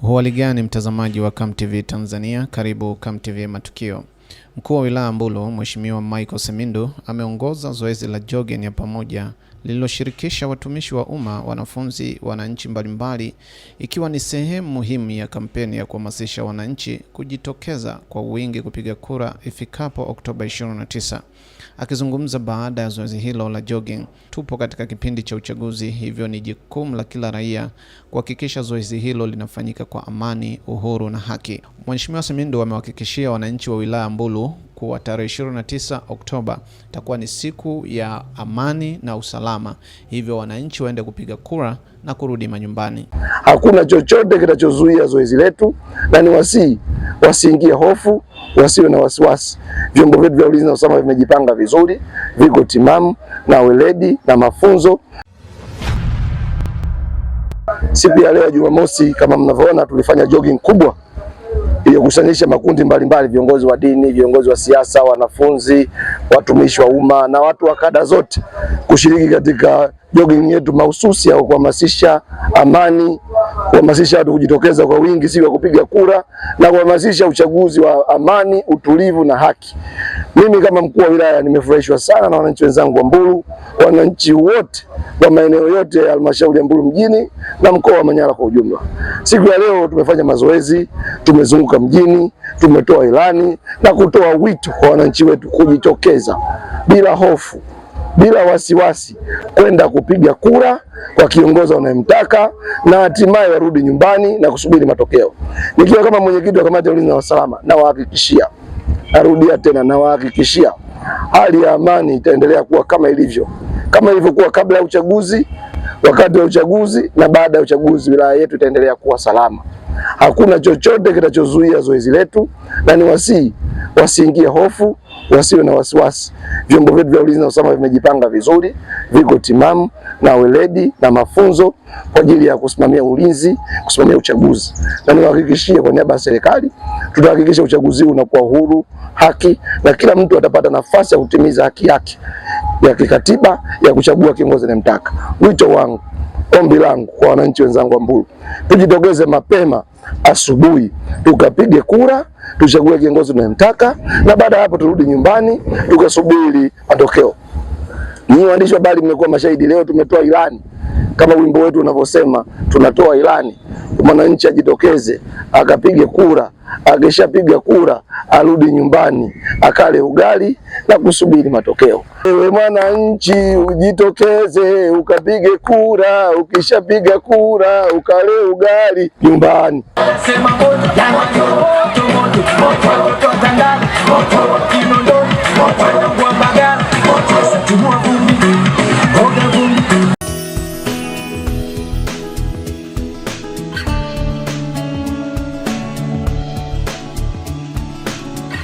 Huwaligani mtazamaji wa Come TV Tanzania, karibu Come TV Matukio. Mkuu wa wilaya Mbulu Mheshimiwa Michael Semindu ameongoza zoezi la jogging ya pamoja lililoshirikisha watumishi wa umma, wanafunzi, wananchi mbalimbali, ikiwa ni sehemu muhimu ya kampeni ya kuhamasisha wananchi kujitokeza kwa wingi kupiga kura ifikapo Oktoba 29. Akizungumza baada ya zoezi hilo la jogging, tupo katika kipindi cha uchaguzi, hivyo ni jukumu la kila raia kuhakikisha zoezi hilo linafanyika kwa amani, uhuru na haki. Mheshimiwa Simindo amewahakikishia wananchi wa wilaya Mbulu kuwa tarehe 29 Oktoba itakuwa ni siku ya amani na usalama, hivyo wananchi waende kupiga kura na kurudi manyumbani. Hakuna chochote kitachozuia zoezi letu, na ni wasii wasiingie hofu, wasiwe na wasiwasi. Vyombo vyetu vya ulinzi na usalama vimejipanga vizuri, viko timamu na weledi na mafunzo. Siku ya leo Jumamosi, kama mnavyoona, tulifanya jogging kubwa iliyokusanisha makundi mbalimbali, viongozi wa dini, viongozi wa siasa, wanafunzi, watumishi wa umma na watu wa kada zote kushiriki katika jogging yetu mahususi ya kuhamasisha amani, kuhamasisha watu kujitokeza kwa wingi siku ya kupiga kura na kuhamasisha uchaguzi wa amani, utulivu na haki. Mimi kama mkuu wa wilaya nimefurahishwa sana na wananchi wenzangu wa Mbulu, wananchi wote wa maeneo yote ya halmashauri ya Mbulu mjini na mkoa wa Manyara kwa ujumla. Siku ya leo tumefanya mazoezi, tumezunguka mjini, tumetoa ilani na kutoa wito kwa wananchi wetu kujitokeza bila hofu bila wasiwasi kwenda kupiga kura kwa kiongozi wanayemtaka na hatimaye warudi nyumbani na kusubiri matokeo. Nikiwa kama mwenyekiti wa kamati ya ulinzi na usalama, nawahakikishia, narudia tena, nawahakikishia hali ya amani itaendelea kuwa kama ilivyo kama ilivyokuwa kabla ya uchaguzi, wakati wa uchaguzi na baada ya uchaguzi. Wilaya yetu itaendelea kuwa salama, hakuna chochote kitachozuia zoezi letu, na ni wasii wasiingie hofu, wasiwe na wasiwasi. Vyombo vyetu vya ulinzi na usalama vimejipanga vizuri, viko timamu na weledi na mafunzo kwa ajili ya kusimamia ulinzi, kusimamia uchaguzi, na niwahakikishie kwa niaba ya serikali, tutahakikisha uchaguzi huu unakuwa huru, haki, na kila mtu atapata nafasi ya kutimiza haki yake ya kikatiba ya kuchagua kiongozi anayemtaka. Wito wangu, ombi langu kwa wananchi wenzangu wa Mbulu, tujitokeze mapema asubuhi tukapige kura, tuchague kiongozi tunayemtaka, na baada ya hapo turudi nyumbani tukasubiri matokeo. Ninyi waandishi wa habari mmekuwa mashahidi. Leo tumetoa ilani kama wimbo wetu unavyosema, tunatoa ilani, mwananchi ajitokeze akapige kura, akishapiga kura arudi nyumbani akale ugali na kusubiri matokeo. Ewe mwananchi, ujitokeze ukapige kura, ukishapiga kura ukale ugali nyumbani.